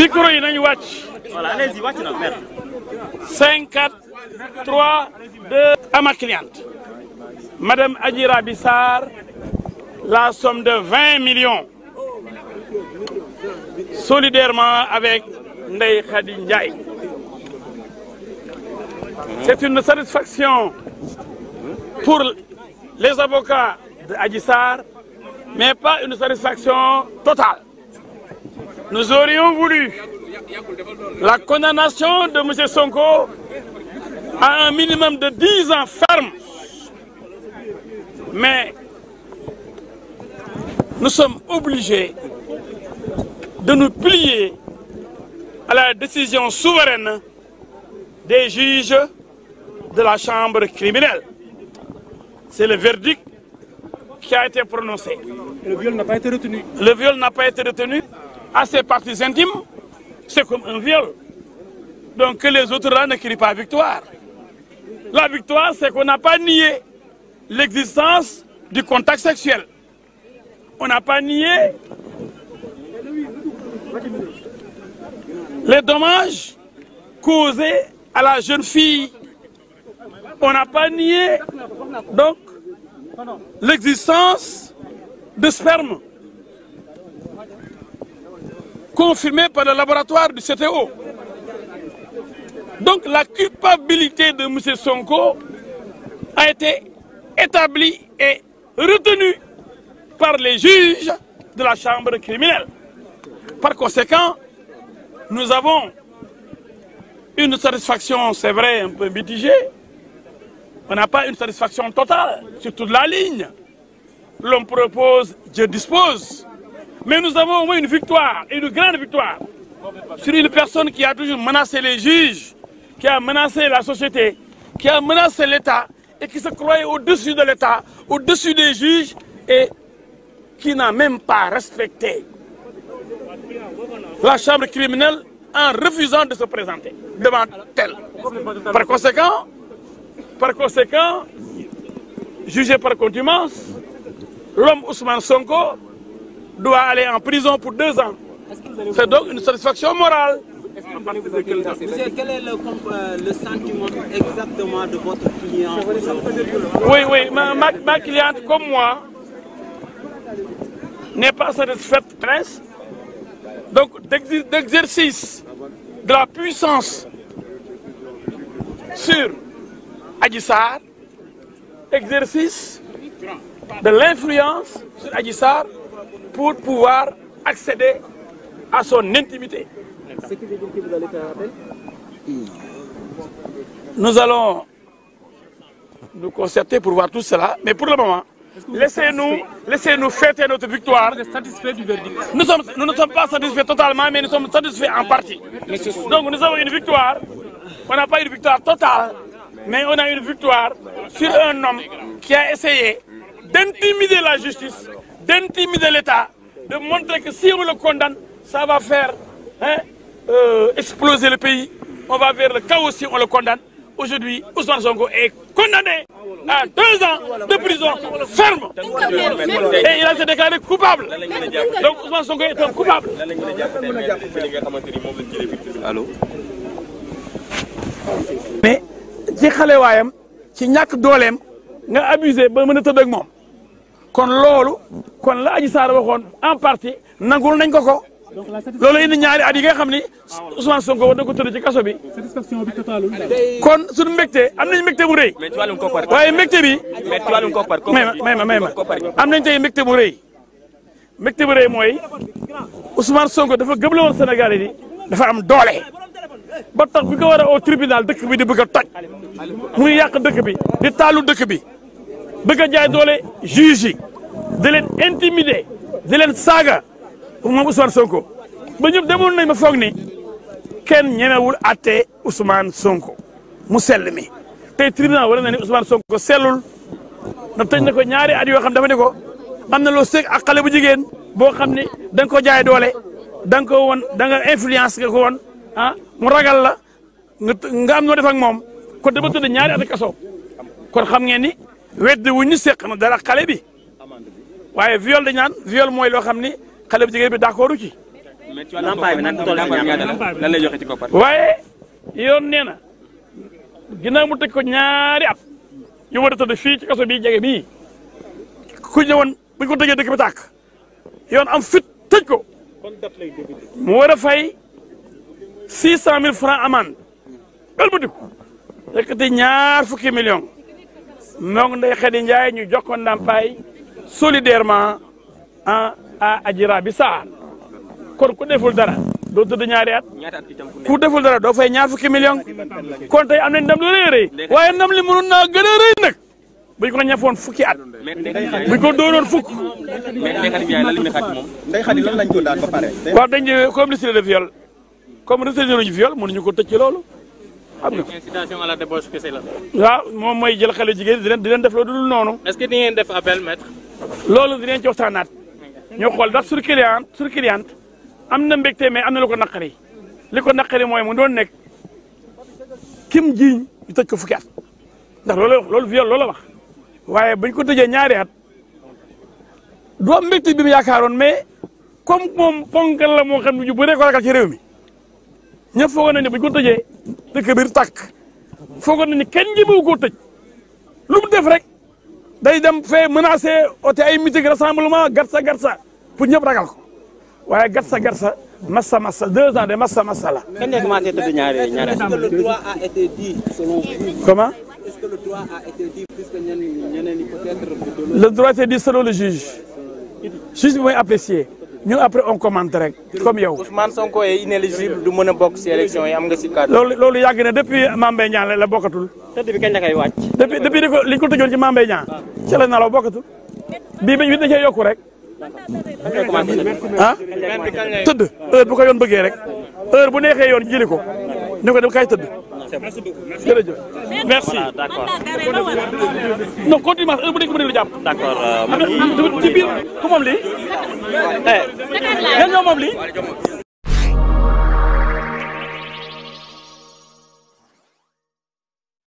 micro yi nañu wàcc. voilà allez-y wàcc madame Adji Raby la somme de 20 millions solidairement avec Ndeye Khady Ndiaye. c'est une satisfaction pour les avocats de mais pas une satisfaction totale. Nous aurions voulu la condamnation de M. Sonko à un minimum de 10 ans ferme. Mais nous sommes obligés de nous plier à la décision souveraine des juges de la chambre criminelle. C'est le verdict qui a été prononcé. Et le viol n'a pas été Le viol n'a pas été retenu. à ses parties intimes, c'est comme un viol. Donc que les autres là ne crient pas victoire. La victoire, c'est qu'on n'a pas nié l'existence du contact sexuel. On n'a pas à la jeune fille. On n'a pas nié l'existence de sperme. confirmé par le laboratoire du CTO. Donc la culpabilité de M. Sonko a été établie et retenue par les juges de la chambre criminelle. Par conséquent, nous avons une satisfaction, c'est vrai, un peu mitigée. On n'a pas une satisfaction totale sur toute la ligne. L'on propose, je dispose. Mais nous avons au moins une victoire, une grande victoire, sur une personne qui a toujours menacé les juges, qui a menacé la société, qui a menacé l'État et qui se croyait au-dessus de l'État, au-dessus des juges et qui n'a même pas respecté la chambre criminelle en refusant de se présenter devant elle. Par conséquent, par conséquent, jugé par contumace, l'homme Ousmane Sonko doit aller en prison pour deux ans. C'est donc une satisfaction morale. Euh, de votre client Oui, oui, ma, ma, ma cliente comme moi n'est pas satisfaite, Donc d'exercice de la puissance sur Adjissar, pour pouvoir accéder à son intimité. Nous allons nous concerter pour voir tout cela, mais pour le moment, laissez-nous laissez-nous fêter notre victoire. nous, ne sommes pas satisfaits totalement, mais nous sommes satisfaits en partie. Donc nous avons une victoire. On n'a pas une victoire totale, mais on a une victoire sur un homme qui a essayé d'intimider la justice d'intimider l'État, de montrer que si on le condamne, ça va faire hein, euh, exploser le pays. On va vers le chaos si on le condamne. Aujourd'hui, Ousmane Sonko est condamné à deux ans de prison ferme. Et il a été déclaré coupable. Donc Ousmane Sonko est un coupable. Mais ci xale waayam ci ñàkk dooleem nga abusé ba mën a tëdd moom kon loolu kon la Adji Sarr waxoon en partie nangul nañ ko ko loolu indi ñaari at yi nga xam ni Ousmane Sonko war na ko tëdd ci kaso bi kon suñu mbégte am nañ mbégte bu rëy waaye mbégte bi may ma may ma am nañ tey mbégte bu rëy mbégte bu rëy mooy Ousmane Sonko dafa gëm la woon Sénégal yi dafa am doole ba tax bi ko war a dëkk bi di bëgg a toj muy yàq dëkk bi di taalu dëkk bi bëgg a jaay doole juge di leen intimider di saaga saaga moom Ousmane Sonko ba ñëpp demoon nañ ma foog ni kenn ñemewul àtte Ousmane Sonko mu sell mi tey tribunal wala na ni Ousmane Sonko sellul na tëj na ko ñaari at yoo xam dafa ne ko am na loo seeg ak xale bu jigéen boo xam ne danga nga ko jaay doole danga nga ko woon da ah, ko woon mu ragal la nga am noo def ak moom kon dama tëdd ñaari at kaso kon xam ngeen ni wedd wu ñu seq na dara xale bi waaye viol dañ naan viol mooy loo xam ni xale bu jigéen bi d'accordu ci. ndàmpaay bi nag du toll si ñaata la lan lay joxe ci koppar. waaye yoon nee na ginnaaw mu tëj ko ñaari at yu war a tëdd fii ci kaso bii jege bii ku ñëwoon bu ñu ko tëjee dëkk bi tàkk yoon am fit tëj ko mu war a fay six cent mille francs amende ëlbatiku yëkkati ñaar fukki million moom Ndeye Khady Ndiaye ñu jox ko ndàmpaay solidairement a à Adjira bi Saar kon ku deful dara doo tëdd ñaari at ku deful dara doo fay ñaar fukki million kon tey am nañ ndam lu rëy waaye ndam li mënoon naa gën a rëy nag buñ ko ñafoon fukki at buñ ko dóoroon fukk. Ndeye Khady lan lañ ko daan ba pare. waaw dañ comme li si la def viol comme rejeté nañu viol ko tëj ci loolu. am na incitation à la débauche kese la. waaw moom mooy jël xale jigéen di leen di leen def loolu dul noonu. est-ce que di ngeen def appel maître. loolu dinañ ñoo xool ndax sur client sur client am na mbégte mais am na lu ko naqari. li ko naqari mooy mu doon nekk kim jiiñ ñu tëj ko fukki at ndax loolu loolu viol loolu wax waaye bañ ko tëjee ñaari at du am mbégte yaakaaroon mais comme moom ponkal la moo xam ne ñu bëree ko ragal ci réew mi ñëpp foogoon nañ ne buñ ko tëjee. dëkk biir tàkk foogoon ni kenn ñemewu koo tëj lu mu def rek day dem fee menacé oote ay meeting rassemblement gatsa gatsa pour ñëpp ragal waaye gatsa gatsa massa massa deux de massa massa la. kañ le droit a été dit selon le droit a été dit puisque ñenn ñeneen ñi peut-être. bi mooy apprécier. ñun après on commente rek comme yow. a bokk si élection yi am nga si cadre. loolu loolu yàgg na depuis Mame Mbaye la bokkatul. tëdd bi kañ la koy wàcc. depuis depuis li ko li ko tëjoon ci Mame Mbaye ci la nalaw bokkatul. bii bi ñu da cee yokku rek. ah tëdd heure bu ko yoon bëggee rek heure bu neexee yoon jëli ko. ni ko dem kaay tëdd. merci beaucoup jërëjëf. merci d'accord. non continué heure bu nekk lu jàpp. d'accord euh, ci biir ku moom lii. eh. ñoo moom lii.